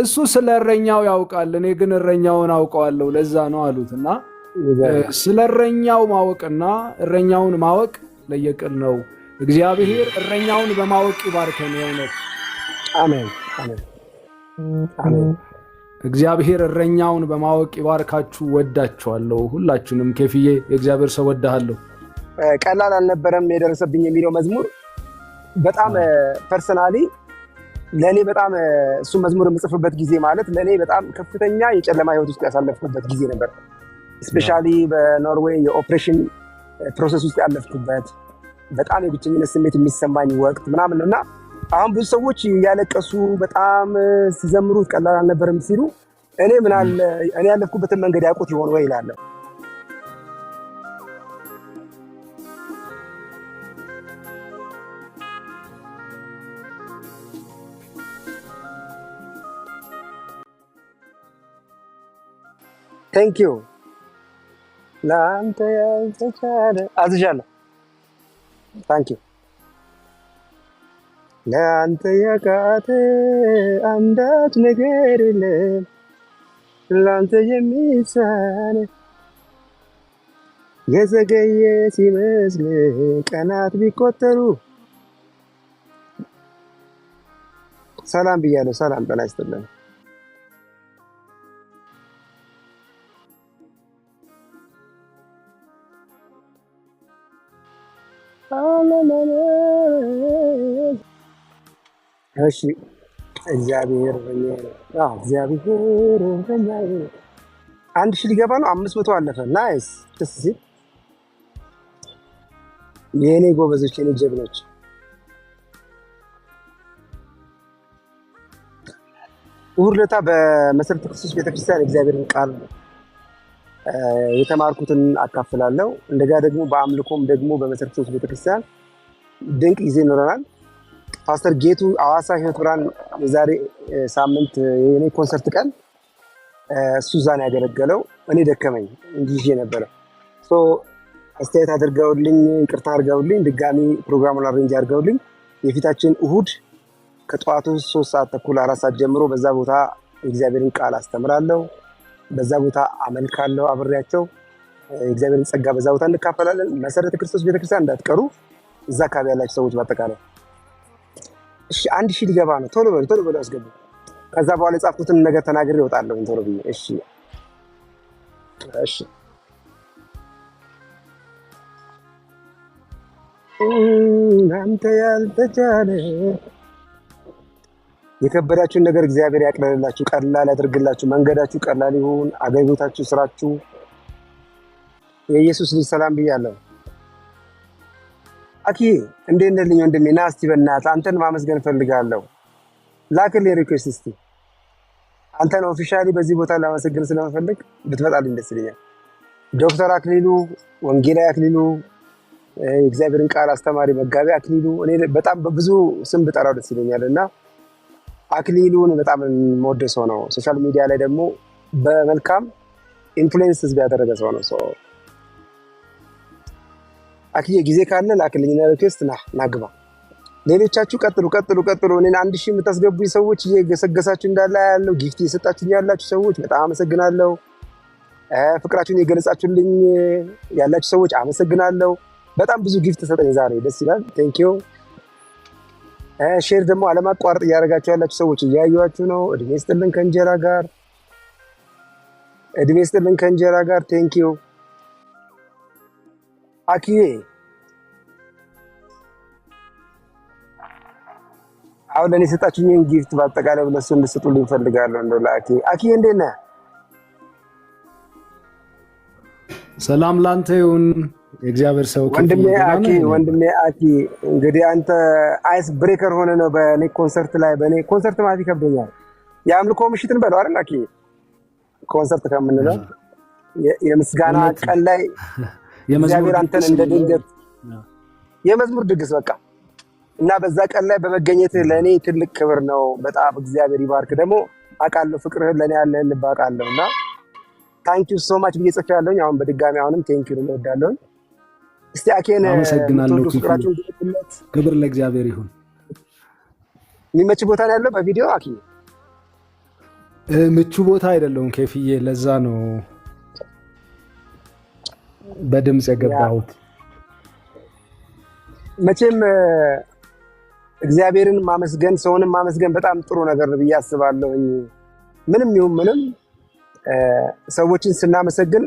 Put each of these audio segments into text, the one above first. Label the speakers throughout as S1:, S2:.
S1: እሱ ስለ እረኛው ያውቃል፣ እኔ ግን እረኛውን አውቀዋለሁ፣ ለዛ ነው አሉት እና ስለ እረኛው ማወቅና እረኛውን ማወቅ ለየቅል ነው። እግዚአብሔር እረኛውን በማወቅ ይባርከን። የእውነት አሜን። እግዚአብሔር እረኛውን በማወቅ ይባርካችሁ። ወዳችኋለሁ ሁላችሁንም። ኬፍዬ የእግዚአብሔር ሰው ወዳሃለሁ።
S2: ቀላል አልነበረም የደረሰብኝ የሚለው መዝሙር በጣም ፐርሰናሊ ለእኔ በጣም እሱን መዝሙር የምጽፍበት ጊዜ ማለት ለእኔ በጣም ከፍተኛ የጨለማ ህይወት ውስጥ ያሳለፍኩበት ጊዜ ነበር። ስፔሻ በኖርዌይ የኦፕሬሽን ፕሮሰስ ውስጥ ያለፍኩበት በጣም የብቸኝነት ስሜት የሚሰማኝ ወቅት ምናምን እና አሁን ብዙ ሰዎች እያለቀሱ በጣም ሲዘምሩት ቀላል አልነበርም ሲሉ እኔ እኔ ያለፍኩበትን መንገድ ያውቁት ይሆን ወይ ይላለሁ። ቴንክ ዩ ለአንተ ያልተቻለ አዝዣለሁ። ታንክ ዩ ለአንተ ያቃተ አንዳች ነገር የለም ለአንተ የሚሳነ የዘገየ ሲመስል ቀናት ቢቆጠሩ ሰላም ብያለሁ። ሰላም ጤና ይስጥልን። እሺ እግዚአብሔር እረኛዬ ነው። እግዚአብሔር እረኛዬ አንድ ሺህ ሊገባ ነው። አምስት መቶ አለፈ። ናይስ ደስ ሲል የእኔ ጎበዞች፣ የኔ ጀግኖች እሑድ ዕለት በመሰረተ ክርስቶስ ቤተክርስቲያን የእግዚአብሔርን ቃል የተማርኩትን አካፍላለሁ። እንደጋ ደግሞ በአምልኮም ደግሞ በመሰረት ሶስት ቤተክርስቲያን ድንቅ ጊዜ ይኖረናል። ፓስተር ጌቱ አዋሳ ህይወት ብርሃን የዛሬ ሳምንት የኔ ኮንሰርት ቀን እሱ ዛን ያገለገለው እኔ ደከመኝ እንጂ ነበረ አስተያየት አድርገውልኝ ይቅርታ አድርገውልኝ ድጋሚ ፕሮግራሙን አሬንጅ አድርገውልኝ የፊታችን እሁድ ከጠዋቱ ሶስት ሰዓት ተኩል አራት ሰዓት ጀምሮ በዛ ቦታ የእግዚአብሔርን ቃል አስተምራለሁ። በዛ ቦታ አመልካለሁ አብሬያቸው። እግዚአብሔርን ጸጋ በዛ ቦታ እንካፈላለን። መሰረተ ክርስቶስ ቤተክርስቲያን እንዳትቀሩ እዛ አካባቢ ያላቸው ሰዎች በአጠቃላይ እሺ። አንድ ሺህ ሊገባ ነው። ቶሎ በሉ ቶሎ በሉ አስገቡ። ከዛ በኋላ የጻፍኩትን ነገር ተናግሬ እወጣለሁ ቶሎ እሺ እሺ እናንተ ያልተቻለ የከበዳችሁን ነገር እግዚአብሔር ያቅለልላችሁ፣ ቀላል ያደርግላችሁ፣ መንገዳችሁ ቀላል ይሁን፣ አገልግሎታችሁ፣ ስራችሁ። የኢየሱስ ልጅ ሰላም ብያለሁ። አኪ እንዴ እንደልኝ ወንድሜ? ና እስቲ በእናትህ አንተን ማመስገን እፈልጋለሁ። ላክል ሪኩዌስት እስቲ አንተን ኦፊሻሊ በዚህ ቦታ ላመሰግን ስለመፈልግ ብትመጣልኝ ደስ ይለኛል። ዶክተር አክሊሉ ወንጌላዊ አክሊሉ የእግዚአብሔርን ቃል አስተማሪ መጋቢ አክሊሉ፣ እኔ በጣም ብዙ ስም ብጠራው ደስ ይለኛል እና አክሊሉን በጣም የምወደ ሰው ነው። ሶሻል ሚዲያ ላይ ደግሞ በመልካም ኢንፍሉዌንስ ህዝብ ያደረገ ሰው ነው። አክሊል ጊዜ ካለ ላክልኝና ሪኩዌስት ና ናግባ። ሌሎቻችሁ ቀጥሉ ቀጥሉ ቀጥሉ። እኔን አንድ ሺህ የምታስገቡኝ ሰዎች እየገሰገሳችሁ እንዳለ ያለው ጊፍት እየሰጣችሁኝ ያላችሁ ሰዎች በጣም አመሰግናለሁ። ፍቅራችሁን የገለጻችሁልኝ ያላችሁ ሰዎች አመሰግናለሁ። በጣም ብዙ ጊፍት ሰጠኝ ዛሬ። ደስ ይላል። ቴንኪዩ ሼር ደግሞ አለማቋረጥ እያደረጋችሁ ያላችሁ ሰዎች እያዩችሁ ነው። እድሜ ስጥልን ከእንጀራ ጋር እድሜ ስጥልን ከእንጀራ ጋር ቴንኪዩ አኪዬ። አሁን ለእኔ የሰጣችሁኝን ጊፍት በአጠቃላይ ለሱ እንድሰጡልኝ እፈልጋለሁ። እንደው ለአኪ አኪዬ፣ እንዴት ነህ?
S1: ሰላም ላንተ ይሁን። የእግዚአብሔር ሰው
S2: ወንድሜ አኪ ወንድሜ አኪ እንግዲህ አንተ አይስ ብሬከር ሆነ ነው በእኔ ኮንሰርት ላይ በእኔ ኮንሰርት ማለት ይከብደኛል። የአምልኮ ምሽትን በለው አይደል አኪ ኮንሰርት ከምንለው የምስጋና ቀን ላይ እግዚአብሔር አንተን እንደ ድንገት የመዝሙር ድግስ በቃ እና በዛ ቀን ላይ በመገኘት ለእኔ ትልቅ ክብር ነው። በጣም እግዚአብሔር ይባርክ። ደግሞ አውቃለሁ ፍቅርህን ለእኔ ያለህን ልብ አውቃለሁ እና ታንኪዩ ሶማች ብዬ ጽፌያለሁኝ። አሁን በድጋሚ አሁንም ቴንኪዩ እንወዳለሁኝ። እስቲ አኬን አመሰግናለሁ።
S1: ክብር ለእግዚአብሔር ይሁን።
S2: የሚመች ቦታ ነው ያለው በቪዲዮ አኪ
S1: ምቹ ቦታ አይደለውም ኬፍዬ። ለዛ ነው በድምፅ የገባሁት።
S2: መቼም እግዚአብሔርን ማመስገን ሰውንም ማመስገን በጣም ጥሩ ነገር ነው ብዬ አስባለሁኝ። ምንም ይሁን ምንም ሰዎችን ስናመሰግን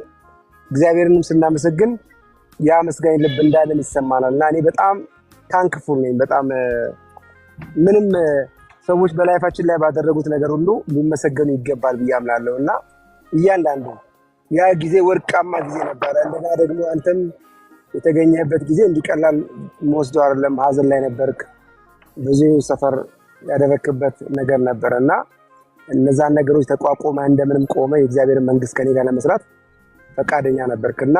S2: እግዚአብሔርንም ስናመሰግን ያ መስጋኝ ልብ እንዳለን ይሰማናል። እና እኔ በጣም ታንክፉል ነኝ። በጣም ምንም ሰዎች በላይፋችን ላይ ባደረጉት ነገር ሁሉ ሊመሰገኑ ይገባል ብዬ አምናለሁ። እና እያንዳንዱ ያ ጊዜ ወርቃማ ጊዜ ነበረ። እንደና ደግሞ አንተም የተገኘበት ጊዜ እንዲቀላል መወስደው አይደለም። ሀዘን ላይ ነበርክ፣ ብዙ ሰፈር ያደረክበት ነገር ነበረ እና እነዛን ነገሮች ተቋቁመ እንደምንም ቆመ የእግዚአብሔር መንግስት ከኔ ጋር ለመስራት ፈቃደኛ ነበርክ እና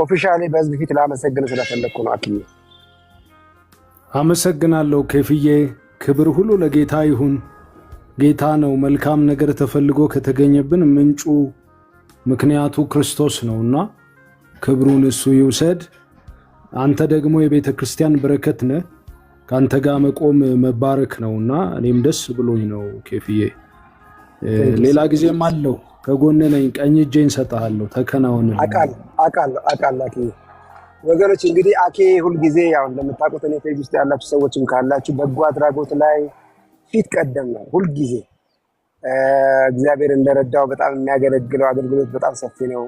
S2: ኦፊሻሊ በህዝብ ፊት ላመሰግን ስለፈለግኩ ነው። አኪ
S1: አመሰግናለሁ። ኬፍዬ ክብር ሁሉ ለጌታ ይሁን። ጌታ ነው። መልካም ነገር ተፈልጎ ከተገኘብን ምንጩ ምክንያቱ ክርስቶስ ነውና ክብሩን እሱ ይውሰድ። አንተ ደግሞ የቤተ ክርስቲያን በረከት ነህ። ከአንተ ጋር መቆም መባረክ ነውና እኔም ደስ ብሎኝ ነው ኬፍዬ። ሌላ ጊዜም አለው ከጎን ነኝ፣ ቀኝ እጄን ሰጥሃለሁ፣ ተከናወን።
S2: አቃላሁ ወገኖች እንግዲህ አኬ ሁልጊዜ ያው እንደምታውቁት እኔ ፔጅ ውስጥ ያላችሁ ሰዎችም ካላችሁ በጎ አድራጎት ላይ ፊት ቀደም ነው። ሁልጊዜ እግዚአብሔር እንደረዳው በጣም የሚያገለግለው አገልግሎት በጣም ሰፊ ነው።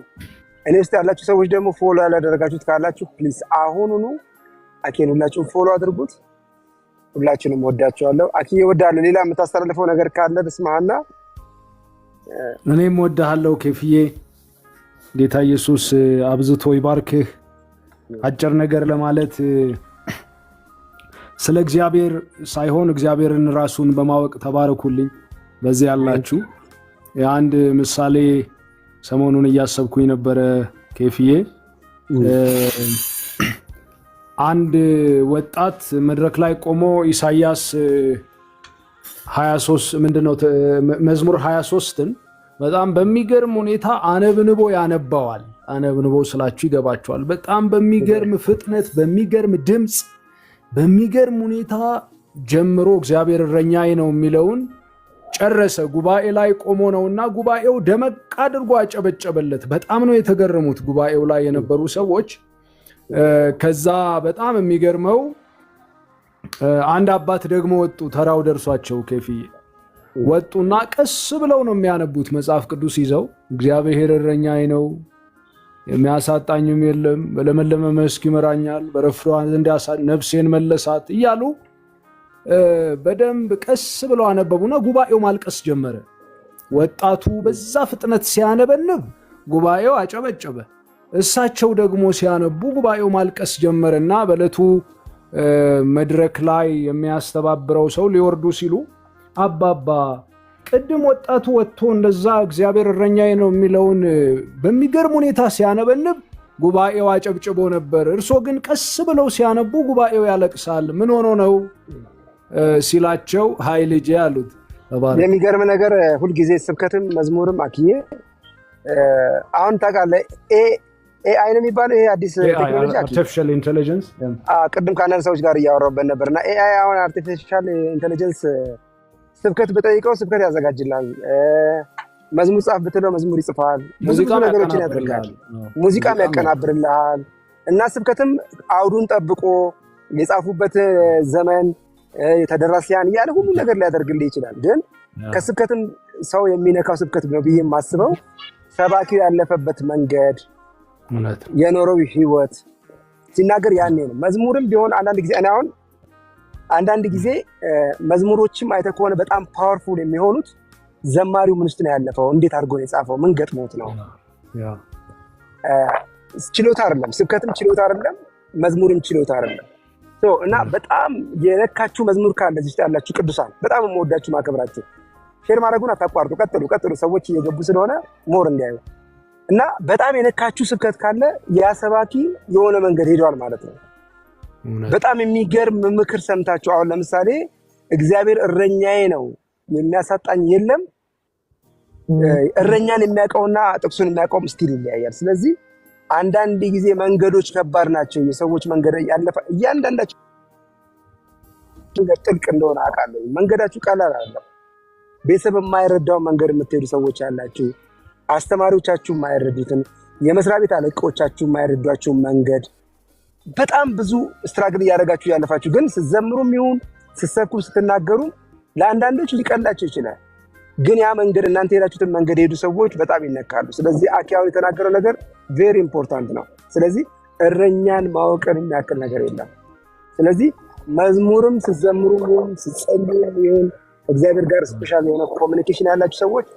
S2: እኔ ውስጥ ያላችሁ ሰዎች ደግሞ ፎሎ ያላደረጋችሁት ካላችሁ ፕሊስ አሁኑኑ አኬን ሁላችሁም ፎሎ አድርጉት። ሁላችሁንም ወዳችኋለሁ። አኬ ወዳለ ሌላ የምታስተላልፈው ነገር ካለ ብስማሃና
S1: እኔም ወድሃለው ኬፍዬ። ጌታ ኢየሱስ አብዝቶ ይባርክህ። አጭር ነገር ለማለት ስለ እግዚአብሔር ሳይሆን እግዚአብሔርን ራሱን በማወቅ ተባረኩልኝ። በዚህ ያላችሁ አንድ ምሳሌ ሰሞኑን እያሰብኩኝ ነበረ ኬፍዬ። አንድ ወጣት መድረክ ላይ ቆሞ ኢሳያስ ምንድነው መዝሙር 23ን በጣም በሚገርም ሁኔታ አነብንቦ ያነባዋል። አነብንቦ ስላችሁ ይገባቸዋል። በጣም በሚገርም ፍጥነት፣ በሚገርም ድምፅ፣ በሚገርም ሁኔታ ጀምሮ እግዚአብሔር እረኛዬ ነው የሚለውን ጨረሰ። ጉባኤ ላይ ቆሞ ነው እና ጉባኤው ደመቅ አድርጎ አጨበጨበለት። በጣም ነው የተገረሙት ጉባኤው ላይ የነበሩ ሰዎች። ከዛ በጣም የሚገርመው አንድ አባት ደግሞ ወጡ። ተራው ደርሷቸው ኬፍዬ ወጡና ቀስ ብለው ነው የሚያነቡት መጽሐፍ ቅዱስ ይዘው። እግዚአብሔር እረኛዬ ነው የሚያሳጣኝም የለም፣ በለመለመ መስክ ይመራኛል፣ በረፍሯ ነፍሴን መለሳት እያሉ በደንብ ቀስ ብለው አነበቡና ጉባኤው ማልቀስ ጀመረ። ወጣቱ በዛ ፍጥነት ሲያነበንብ ጉባኤው አጨበጨበ። እሳቸው ደግሞ ሲያነቡ ጉባኤው ማልቀስ ጀመረና በዕለቱ መድረክ ላይ የሚያስተባብረው ሰው ሊወርዱ ሲሉ አባባ ቅድም ወጣቱ ወጥቶ እንደዛ እግዚአብሔር እረኛዬ ነው የሚለውን በሚገርም ሁኔታ ሲያነበንብ ጉባኤው አጨብጭቦ ነበር። እርሶ ግን ቀስ ብለው ሲያነቡ ጉባኤው ያለቅሳል። ምን ሆኖ ነው ሲላቸው ሀይ ልጄ አሉት።
S2: የሚገርም ነገር ሁልጊዜ ስብከትም መዝሙርም አክዬ አሁን ታውቃለህ ኤአይ ነው የሚባለው ይሄ አዲስ
S1: ቴክኖሎጂ አርቲፊሻል ኢንቴሊጀንስ።
S2: ቅድም ከአንዳንድ ሰዎች ጋር እያወራሁበት ነበር እና ኤአይ አሁን አርቲፊሻል ኢንቴሊጀንስ ስብከት ብጠይቀው ስብከት ያዘጋጅላል፣ መዝሙር ጻፍ ብትለው መዝሙር ይጽፋል፣ ብዙ ነገሮችን ያደርጋል፣ ሙዚቃም ያቀናብርልሃል እና ስብከትም አውዱን ጠብቆ የጻፉበት ዘመን ተደራሲያን እያለ ሁሉ ነገር ሊያደርግልህ ይችላል። ግን ከስብከትም ሰው የሚነካው ስብከት ነው ብዬ የማስበው ሰባኪው ያለፈበት መንገድ የኖረው ህይወት ሲናገር ያኔ ነው። መዝሙርም ቢሆን አንዳንድ ጊዜ እኔ አሁን አንዳንድ ጊዜ መዝሙሮችም አይተ ከሆነ በጣም ፓወርፉል የሚሆኑት ዘማሪው ምን ውስጥ ነው ያለፈው፣ እንዴት አድርጎ ነው የጻፈው፣ ምን ገጥሞት ነው። ችሎታ አይደለም፣ ስብከትም ችሎታ አይደለም፣ መዝሙርም ችሎታ አይደለም። እና በጣም የነካችሁ መዝሙር ካለ እዚህ ያላችሁ ቅዱሳን በጣም የምወዳችሁ ማከብራችሁ ሼር ማድረጉን አታቋርጡ። ቀጥሉ ቀጥሉ፣ ሰዎች እየገቡ ስለሆነ ሞር እንዲያዩ እና በጣም የነካችሁ ስብከት ካለ ያ ሰባኪ የሆነ መንገድ ሄደዋል ማለት ነው። በጣም የሚገርም ምክር ሰምታችሁ አሁን ለምሳሌ እግዚአብሔር እረኛዬ ነው የሚያሳጣኝ የለም። እረኛን የሚያውቀውና ጥቅሱን የሚያውቀውም ስቲል ይለያያል። ስለዚህ አንዳንድ ጊዜ መንገዶች ከባድ ናቸው። የሰዎች መንገድ ያለፈ እያንዳንዳቸው ጥልቅ እንደሆነ አውቃለሁ። መንገዳችሁ ቀላል አለ። ቤተሰብ የማይረዳው መንገድ የምትሄዱ ሰዎች ያላችሁ አስተማሪዎቻችሁ የማይረዱትን የመስሪያ ቤት አለቃዎቻችሁ የማይረዷቸውን መንገድ በጣም ብዙ ስትራግል እያደረጋችሁ ያለፋችሁ፣ ግን ስትዘምሩም ይሁን ስትሰብኩም ስትናገሩም ለአንዳንዶች ሊቀላቸው ይችላል። ግን ያ መንገድ እናንተ የሄዳችሁትን መንገድ የሄዱ ሰዎች በጣም ይነካሉ። ስለዚህ አኪያውን የተናገረው ነገር ቬሪ ኢምፖርታንት ነው። ስለዚህ እረኛን ማወቅን የሚያክል ነገር የለም። ስለዚህ መዝሙርም ስትዘምሩም ይሁን ስትጸልዩም ይሁን እግዚአብሔር ጋር ስፔሻል የሆነ ኮሚኒኬሽን ያላችሁ ሰዎች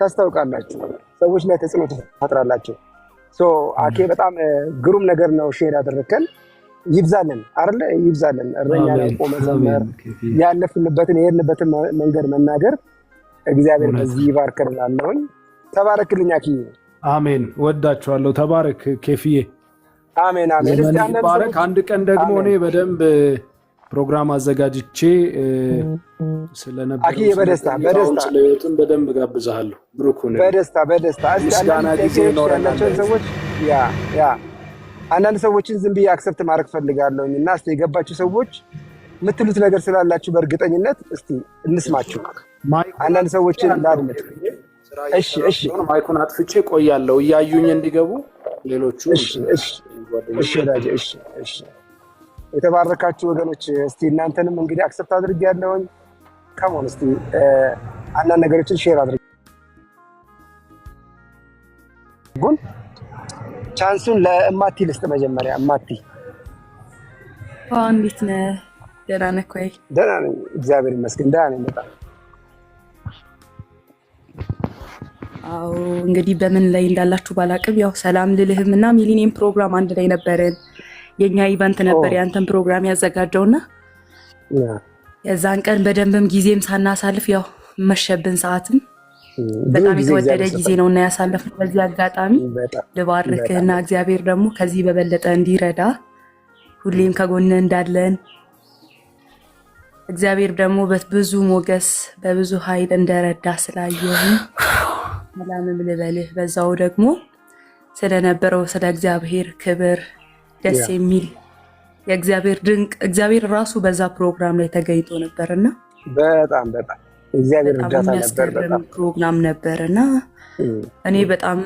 S2: ታስታውቃላችሁ፣ ሰዎች ላይ ተጽዕኖ ትፈጥራላችሁ። አኬ በጣም ግሩም ነገር ነው ሼር ያደረከን። ይብዛልን አለ ይብዛልን። እረኛ ነቆ መዘመር፣ ያለፍንበትን የሄድንበትን መንገድ መናገር እግዚአብሔር በዚህ ይባርከን እላለሁኝ። ተባረክልኝ አኪዬ።
S1: አሜን። ወዳችኋለሁ። ተባረክ ኬፍዬ።
S2: አሜን አሜን።
S1: አንድ ቀን ደግሞ እኔ በደንብ ፕሮግራም አዘጋጅቼ
S2: ስለነበረስለወትም
S1: በደንብ ጋብዛለሁ።
S2: ብሩኩን በደስታ በደስታ ምስጋና ጊዜ ይኖረናቸውን ሰዎች አንዳንድ ሰዎችን ዝም ብዬ አክሰብት ማድረግ ፈልጋለሁ እና እስኪ የገባችሁ ሰዎች የምትሉት ነገር ስላላችሁ በእርግጠኝነት እስኪ እንስማችሁ። አንዳንድ ሰዎችን ላድምጥ። እሺ እሺ፣
S1: ማይኩን አጥፍቼ ቆያለሁ እያዩኝ እንዲገቡ ሌሎቹ
S2: እሺ እሺ እሺ እሺ እሺ የተባረካችሁ ወገኖች እስቲ እናንተንም እንግዲህ አክሰፕት አድርግ ያለውን ከሞን እስቲ አንዳንድ ነገሮችን ሼር አድርግ ጉን ቻንሱን ለእማቲ ልስጥ። መጀመሪያ እማቲ
S3: እንዴት ነህ? ደህና ነህ ወይ?
S2: ደህና ነኝ፣ እግዚአብሔር ይመስገን። ደህና ነኝ በጣም
S3: አዎ። እንግዲህ በምን ላይ እንዳላችሁ ባላቅም ያው ሰላም ልልህም እና ሚሊኒየም ፕሮግራም አንድ ላይ ነበርን የእኛ ኢቨንት ነበር ያንተን ፕሮግራም ያዘጋጀውና የዛን ቀን በደንብም ጊዜም ሳናሳልፍ ያው መሸብን ሰዓትም በጣም የተወደደ ጊዜ ነው እና ያሳለፍነው። በዚህ አጋጣሚ ልባርክህና እግዚአብሔር ደግሞ ከዚህ በበለጠ እንዲረዳ ሁሌም ከጎን እንዳለን እግዚአብሔር ደግሞ በብዙ ሞገስ በብዙ ኃይል እንደረዳ ስላየሁ ሰላምም ልበልህ። በዛው ደግሞ ስለነበረው ስለ እግዚአብሔር ክብር ደስ የሚል የእግዚአብሔር ድንቅ እግዚአብሔር ራሱ በዛ ፕሮግራም ላይ ተገኝቶ ነበር እና
S2: በጣም በጣም እግዚአብሔር እርዳታ
S3: ፕሮግራም ነበር እና እኔ በጣም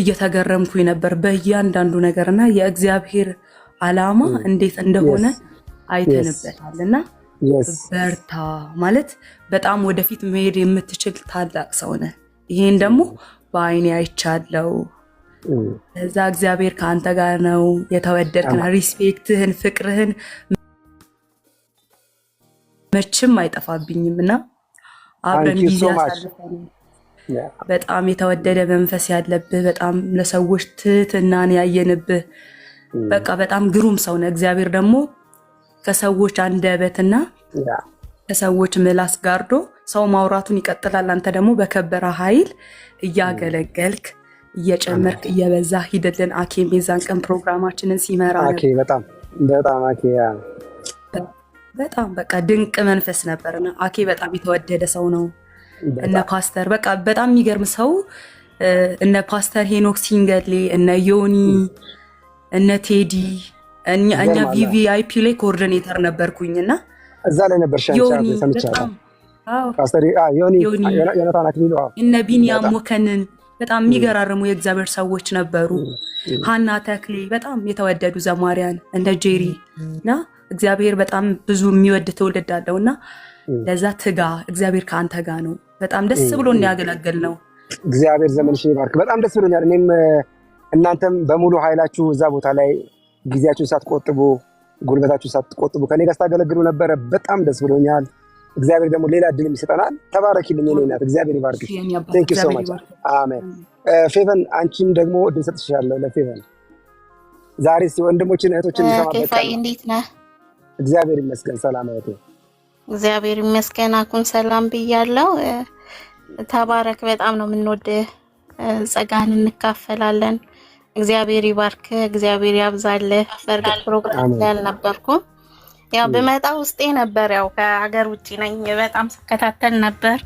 S3: እየተገረምኩኝ ነበር በእያንዳንዱ ነገር እና የእግዚአብሔር ዓላማ እንዴት እንደሆነ አይተንበታል እና በርታ ማለት በጣም ወደፊት መሄድ የምትችል ታላቅ ሰው ነህ። ይሄን ደግሞ በአይኔ አይቻለው እዛ እግዚአብሔር ከአንተ ጋር ነው። የተወደድክና ሪስፔክትህን ፍቅርህን መቼም አይጠፋብኝም እና አብረን ጊዜ በጣም የተወደደ መንፈስ ያለብህ በጣም ለሰዎች ትህትናን ያየንብህ mm. በቃ በጣም ግሩም ሰው ነህ። እግዚአብሔር ደግሞ ከሰዎች አንደበትና ከሰዎች ምላስ ጋርዶ ሰው ማውራቱን ይቀጥላል። አንተ ደግሞ በከበረ ኃይል mm. እያገለገልክ እየጨመርክ እየበዛ ሂደልን። አኬ የዛን ቀን ፕሮግራማችንን ሲመራ
S2: በጣም በጣም አኬ
S3: በጣም በቃ ድንቅ መንፈስ ነበር። አኬ በጣም የተወደደ ሰው ነው። እነ ፓስተር በቃ በጣም የሚገርም ሰው እነ ፓስተር ሄኖክ ሲንገሌ፣ እነ ዮኒ፣ እነ ቴዲ እኛ ቪቪአይፒ ላይ ኮኦርዲኔተር ነበርኩኝ እና
S2: እዛ ላይ ነበር ዮኒ፣
S3: እነ ቢኒያም ሞከንን በጣም የሚገራርሙ የእግዚአብሔር ሰዎች ነበሩ። ሀና ተክሌ በጣም የተወደዱ ዘማሪያን እንደ ጄሪ እና እግዚአብሔር በጣም ብዙ የሚወድ ትውልድ አለው እና ለዛ ትጋ፣ እግዚአብሔር ከአንተ ጋ ነው። በጣም ደስ ብሎ እንዲያገለግል ነው።
S2: እግዚአብሔር ዘመንሽን ይባርክ። በጣም ደስ ብሎኛል። እኔም እናንተም በሙሉ ኃይላችሁ እዛ ቦታ ላይ ጊዜያችሁን ሳትቆጥቡ፣ ጉልበታችሁን ሳትቆጥቡ ከኔ ጋር ስታገለግሉ ነበረ። በጣም ደስ ብሎኛል። እግዚአብሔር ደግሞ ሌላ እድልም ይሰጠናል። ተባረኪልኝ የእኔ እናት፣ እግዚአብሔር ይባርክሽ። ቴንክ ዩ ሶ ማች አሜን። ፌቨን አንቺም ደግሞ እድል ሰጥሻለሁ ለፌቨን ዛሬ ወንድሞችን እህቶችን
S3: ሰማበቃይ እንዴት ነህ?
S2: እግዚአብሔር ይመስገን ሰላም እህቴ።
S3: እግዚአብሔር ይመስገን አኩን ሰላም ብያለው። ተባረክ። በጣም ነው የምንወድህ። ጸጋን እንካፈላለን። እግዚአብሔር ይባርክ፣ እግዚአብሔር ያብዛልህ። በእርግጥ ፕሮግራም ላይ አልነበርኩም ያው ብመጣ ውስጤ ነበር። ያው ከሀገር ውጭ ነኝ። በጣም ስከታተል ነበር፣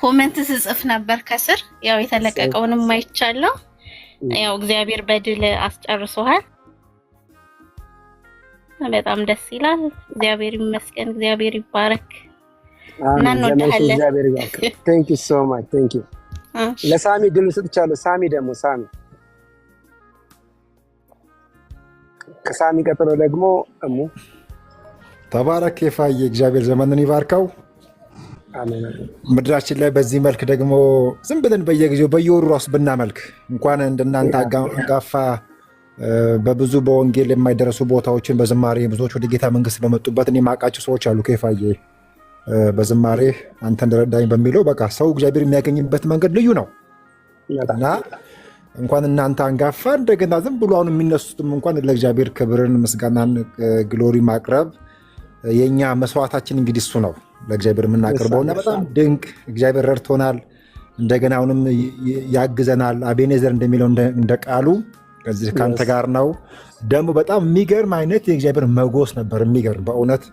S3: ኮመንት ስጽፍ ነበር ከስር ያው የተለቀቀውንም አይቻለሁ። ያው እግዚአብሔር በድል አስጨርሶሃል። በጣም ደስ ይላል። እግዚአብሔር ይመስገን። እግዚአብሔር ይባረክ
S2: እና እንወድሃለን። ሶ ማች ለሳሚ ድል ሰጥቻለሁ። ሳሚ ደግሞ ሳሚ ከሳሚ ቀጥሎ ደግሞ እሙ
S1: ተባረክ ፋዬ፣ እግዚአብሔር ዘመንን ይባርከው። ምድራችን ላይ በዚህ መልክ ደግሞ ዝም ብለን በየጊዜው በየወሩ ራሱ ብናመልክ እንኳን እንደናንተ አንጋፋ በብዙ በወንጌል የማይደረሱ ቦታዎችን በዝማሬ ብዙዎች ወደ ጌታ መንግስት በመጡበት እኔ ሰዎች አሉ። ከፋዬ በዝማሬ አንተ እንደረዳኝ በሚለው በቃ ሰው እግዚአብሔር የሚያገኝበት መንገድ ልዩ ነው እና እንኳን እናንተ አንጋፋ እንደገና ዝም ብሎ አሁን የሚነሱትም እንኳን ለእግዚአብሔር ክብርን ምስጋናን ግሎሪ ማቅረብ የእኛ መስዋዕታችን እንግዲህ እሱ ነው ለእግዚአብሔር የምናቀርበውና በጣም ድንቅ እግዚአብሔር ረድቶናል። እንደገና አሁንም ያግዘናል። አቤኔዘር እንደሚለው እንደ ቃሉ ከዚህ ከአንተ ጋር ነው። ደግሞ በጣም የሚገርም አይነት የእግዚአብሔር መጎስ ነበር። የሚገርም በእውነት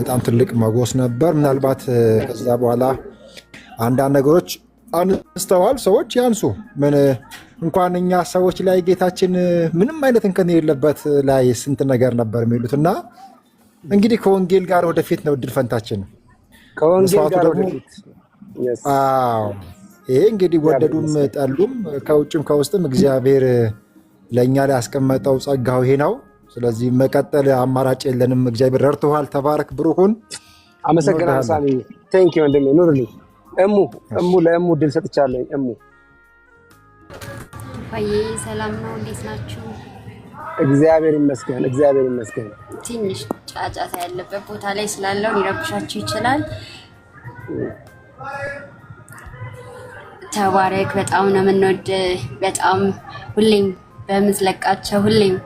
S1: በጣም ትልቅ መጎስ ነበር። ምናልባት ከዛ በኋላ አንዳንድ ነገሮች አንስተዋል። ሰዎች ያንሱ ምን እንኳን እኛ ሰዎች ላይ ጌታችን ምንም አይነት እንከን የሌለበት ላይ ስንት ነገር ነበር የሚሉት እና እንግዲህ ከወንጌል ጋር ወደፊት ነው እድል ፈንታችን።
S2: ከወንጌል ጋር ወደፊት
S1: ይሄ እንግዲህ ወደዱም ጠሉም ከውጭም ከውስጥም እግዚአብሔር ለእኛ ላይ ያስቀመጠው ጸጋው ይሄ ነው። ስለዚህ መቀጠል አማራጭ የለንም። እግዚአብሔር ረድቶሃል። ተባረክ፣ ብሩሁን
S2: አመሰግናለሁ ሳሚ። ቴንክ ዩ ወንድሜ፣ ኑርልኝ። እሙ እሙ ለእሙ ድል ሰጥቻለኝ። እሙ
S3: ሰላም ነው። እንዴት ናችሁ?
S2: እግዚአብሔር ይመስገን፣ እግዚአብሔር ይመስገን።
S3: ትንሽ ጫጫታ ያለበት ቦታ ላይ ስላለው ሊረብሻችሁ ይችላል። ተባረክ። በጣም ነው የምንወድ። በጣም ሁሌም በምትለቃቸው ሁሌም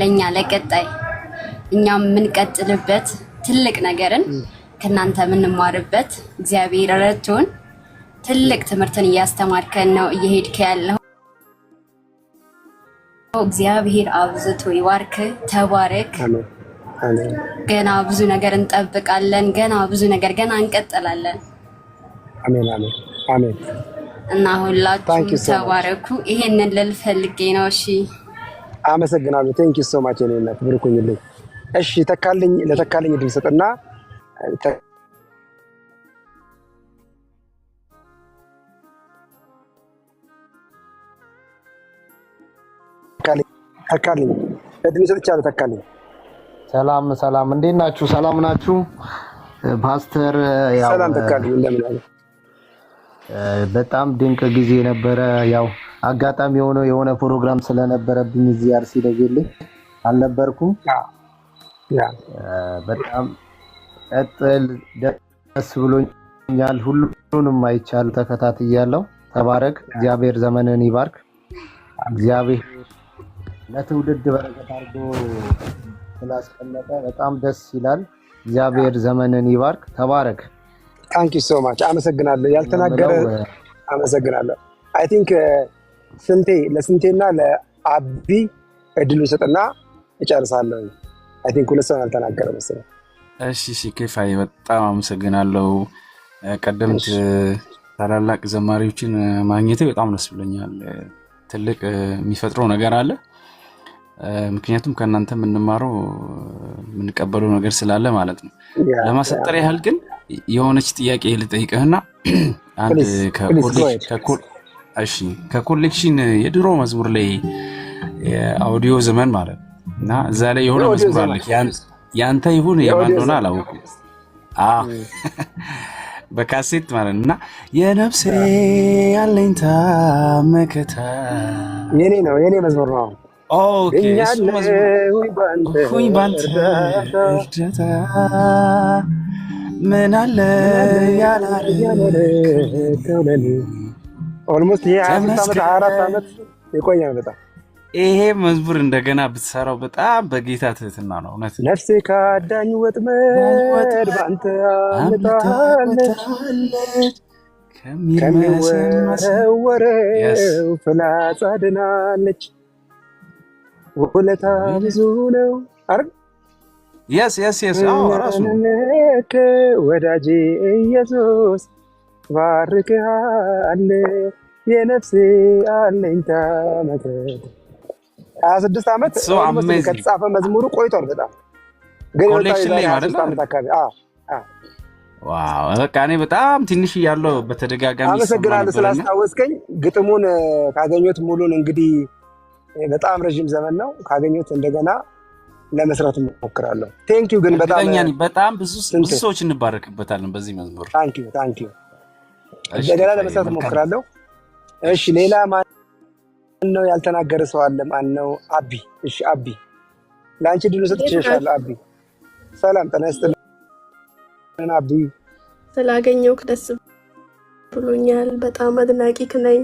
S3: ለእኛ ለቀጣይ እኛም የምንቀጥልበት ትልቅ ነገርን ከእናንተ የምንማርበት እግዚአብሔር ረድቶን ትልቅ ትምህርትን እያስተማርከን ነው እየሄድክ ያለው። እግዚአብሔር አብዝቶ ይባርክ። ተባረክ። ገና ብዙ ነገር እንጠብቃለን። ገና ብዙ ነገር ገና እንቀጥላለን። እና ሁላችሁ ተባረኩ። ይሄንን ልል ፈልጌ ነው። እሺ፣
S2: አመሰግናለሁ። ቴንክ ዩ ሶ ማች። እኔ ብርኩኝልኝ። እሺ፣ ተካልኝ ለተካልኝ ድምሰጥና ተካልኝ እድሜ ሰጥቻለሁ። ተካልኝ
S1: ሰላም ሰላም፣ እንዴት ናችሁ? ሰላም ናችሁ? ፓስተር ሰላም ተካልኝ፣ እንደምን አለ። በጣም ድንቅ ጊዜ ነበረ። ያው አጋጣሚ የሆነ የሆነ ፕሮግራም ስለነበረብኝ እዚህ አርሲ ደጌልኝ አልነበርኩም። በጣም ቀጥል፣ ደስ ብሎኛል። ሁሉንም አይቻል ተከታትያለሁ። ተባረክ። እግዚአብሔር ዘመንን ይባርክ። እግዚአብሔር ለትውልድ በረከት አድርጎ ስላስቀመጠ በጣም ደስ ይላል። እግዚአብሔር ዘመንን ይባርክ። ተባረክ።
S2: ታንኪ ሶ ማች አመሰግናለሁ። ያልተናገረ አመሰግናለሁ። አይ ቲንክ uh, ስንቴ ለስንቴና ለአቢ እድሉ ስጥና እጨርሳለሁ። አይ ቲንክ ሁለት ሰው ያልተናገረ መሰለኝ።
S1: እሺ እሺ፣ ኬፋይ በጣም አመሰግናለሁ። ቀደምት ታላላቅ ዘማሪዎችን ማግኘቴ በጣም ደስ ብሎኛል። ትልቅ uh, የሚፈጥረው ነገር አለ ምክንያቱም ከእናንተ የምንማረው የምንቀበለው ነገር ስላለ ማለት ነው። ለማሰጠር ያህል ግን የሆነች ጥያቄ ልጠይቅህና አንድ ከኮሌክሽን የድሮ መዝሙር ላይ የአውዲዮ ዘመን ማለት ነው እና እዛ ላይ የሆነ መዝሙር አለ ያንተ ይሁን የማን እንደሆነ አላወኩም በካሴት ማለት እና የነብሴ ያለኝታ መከታ
S2: የኔ ነው የኔ መዝሙር ነው።
S1: እኛለሁኝ ባንተ እርዳታ ምን አለ ይሄ መዝሙር እንደገና ብትሰራው በጣም በጌታ ትህትና ነው። እውነት
S2: ነፍሴ ከአዳኝ ወጥመድ አምልጣለች ከሚወረወረው ፍላጻ ድናለች። ውለታ ብዙ ነው። አረ
S1: የስ የስ የስ
S2: ወዳጄ ኢየሱስ የነፍሴ አለኝታ ሀያ ስድስት ዓመት ከተጻፈ መዝሙሩ ቆይቷል። በጣም ግን
S1: በቃ እኔ በጣም ትንሽ እያለሁ በተደጋጋሚ
S2: አመሰግናለሁ ስላስታወስከኝ። ግጥሙን ካገኘሁት ሙሉን እንግዲህ በጣም ረዥም ዘመን ነው ካገኘሁት እንደገና ለመስራት እሞክራለሁ። ቴንኪው ግን
S1: በጣም ብዙ ሰዎች እንባረክበታለን በዚህ መዝሙር።
S2: ታንኪው ታንኪው። እንደገና ለመስራት እሞክራለሁ። እሺ፣ ሌላ ማን ነው ያልተናገረ ሰው አለ? ማን ነው? አቢ። እሺ፣ አቢ ለአንቺ ድሉ ሰጥ አቢ ሰላም ጤና ይስጥልን። አቢ
S3: ስላገኘሁህ ደስ ብሎኛል። በጣም አድናቂህ ነኝ።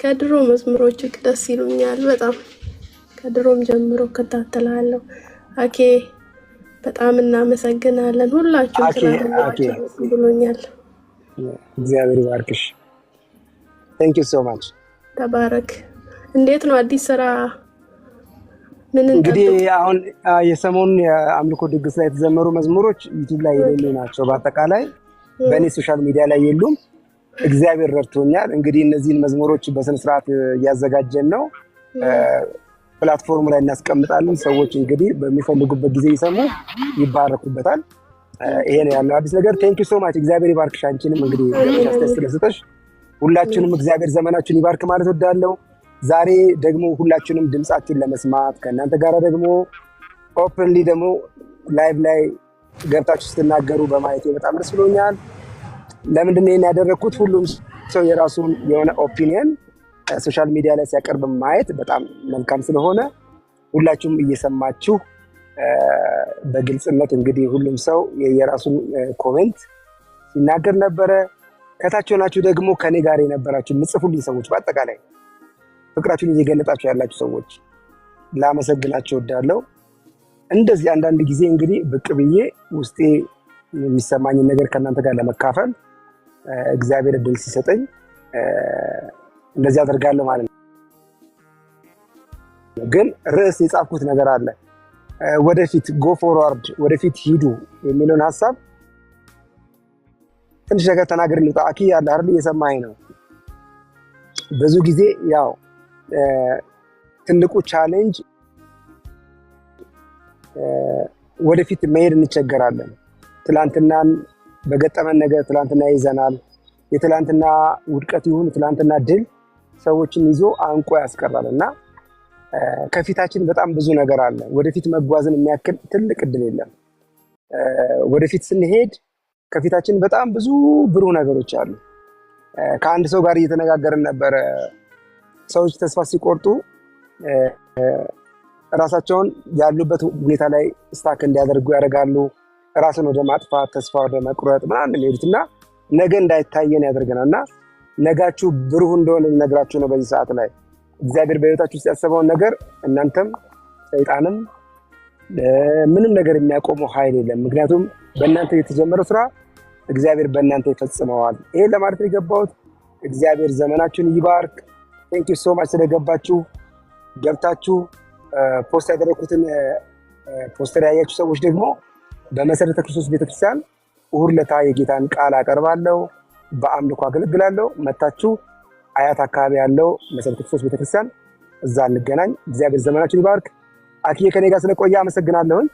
S3: ከድሮ መዝሙሮችህ ደስ ይሉኛል በጣም ከድሮም ጀምሮ እከታተላለሁ። አኬ በጣም እናመሰግናለን። ሁላችሁ ይሉኛል ብሎኛል።
S2: እግዚአብሔር ይባርክሽ። ቴንክ ዩ ሶ ማች
S3: ተባረክ። እንዴት ነው አዲስ ስራ?
S2: ምን እንግዲህ አሁን የሰሞኑን የአምልኮ ድግስ ላይ የተዘመሩ መዝሙሮች ዩቱብ ላይ የሌሉ ናቸው። በአጠቃላይ በእኔ ሶሻል ሚዲያ ላይ የሉም። እግዚአብሔር ረድቶኛል። እንግዲህ እነዚህን መዝሙሮች በስነስርዓት እያዘጋጀን ነው፣ ፕላትፎርም ላይ እናስቀምጣለን። ሰዎች እንግዲህ በሚፈልጉበት ጊዜ ይሰሙ፣ ይባረኩበታል። ይሄ ነው ያለው አዲስ ነገር። ቴንኪ ሶ ማች። እግዚአብሔር ይባርክሽ። አንቺንም እንግዲህ ሁላችንም እግዚአብሔር ዘመናችን ይባርክ ማለት ወዳለው ዛሬ ደግሞ ሁላችንም ድምፃችን ለመስማት ከእናንተ ጋር ደግሞ ኦፕንሊ ደግሞ ላይቭ ላይ ገብታችሁ ስትናገሩ በማየት በጣም ደስ ብሎኛል። ለምንድን ነው ያደረግኩት? ሁሉም ሰው የራሱን የሆነ ኦፒኒየን ሶሻል ሚዲያ ላይ ሲያቀርብ ማየት በጣም መልካም ስለሆነ ሁላችሁም እየሰማችሁ በግልጽነት እንግዲህ ሁሉም ሰው የራሱን ኮሜንት ሲናገር ነበረ። ከታች ሆናችሁ ደግሞ ከኔ ጋር የነበራችሁ ምጽፉልኝ ሰዎች፣ በአጠቃላይ ፍቅራችሁን እየገለጣችሁ ያላችሁ ሰዎች ላመሰግናችሁ እወዳለሁ። እንደዚህ አንዳንድ ጊዜ እንግዲህ ብቅ ብዬ ውስጤ የሚሰማኝን ነገር ከእናንተ ጋር ለመካፈል እግዚአብሔር እድል ሲሰጠኝ እንደዚህ አደርጋለሁ ማለት ነው። ግን ርዕስ የጻፍኩት ነገር አለ። ወደፊት ጎ ፎርዋርድ፣ ወደፊት ሂዱ የሚለውን ሀሳብ ትንሽ ነገር ተናገር ልውጣ። አኪ ያለ አይደል እየሰማኝ ነው። ብዙ ጊዜ ያው ትልቁ ቻሌንጅ ወደፊት መሄድ እንቸገራለን። ትላንትናን በገጠመን ነገር ትላንትና ይዘናል። የትላንትና ውድቀት ይሁን የትላንትና ድል ሰዎችን ይዞ አንቆ ያስቀራል እና ከፊታችን በጣም ብዙ ነገር አለ። ወደፊት መጓዝን የሚያክል ትልቅ እድል የለም። ወደፊት ስንሄድ ከፊታችን በጣም ብዙ ብሩህ ነገሮች አሉ። ከአንድ ሰው ጋር እየተነጋገርን ነበረ። ሰዎች ተስፋ ሲቆርጡ ራሳቸውን ያሉበት ሁኔታ ላይ ስታክ እንዲያደርጉ ያደርጋሉ። ራስን ወደ ማጥፋት፣ ተስፋ ወደ መቁረጥ ምናምን የሚሄዱት እና ነገ እንዳይታየን ያደርገናል እና ነጋችሁ ብሩህ እንደሆነ ነግራችሁ ነው። በዚህ ሰዓት ላይ እግዚአብሔር በህይወታችሁ ውስጥ ያሰበውን ነገር እናንተም ሰይጣንም ምንም ነገር የሚያቆመው ኃይል የለም። ምክንያቱም በእናንተ የተጀመረው ስራ እግዚአብሔር በእናንተ ይፈጽመዋል። ይህ ለማለት የገባሁት። እግዚአብሔር ዘመናችሁን ይባርክ። ቴንክ ዩ ሶማች ስለገባችሁ ገብታችሁ ፖስት ያደረግኩትን ፖስተር ያያችሁ ሰዎች ደግሞ በመሰረተ ክርስቶስ ቤተክርስቲያን እሁድ ለታ የጌታን ቃል አቀርባለሁ፣ በአምልኮ አገለግላለሁ። መታችሁ አያት አካባቢ ያለው መሰረተ ክርስቶስ ቤተክርስቲያን እዛ እንገናኝ። እግዚአብሔር ዘመናችን ይባርክ። አክዬ ከኔ ጋር ስለቆየ አመሰግናለሁኝ።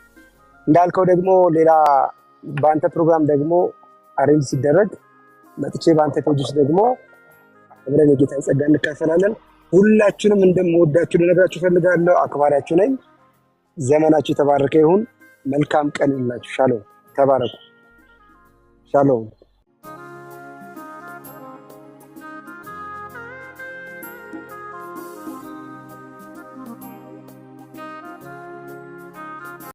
S2: እንዳልከው ደግሞ ሌላ በአንተ ፕሮግራም ደግሞ አሬንጅ ሲደረግ መጥቼ በአንተ ፕሮጀክት ደግሞ አብረን የጌታን ጸጋ እንካፈላለን። ሁላችሁንም እንደምወዳችሁ ልነግራችሁ እፈልጋለሁ። አክባሪያችሁ ነኝ። ዘመናችሁ የተባረከ ይሁን። መልካም ቀን ይላችሁ። ሻሎም፣ ተባረኩ። ሻሎም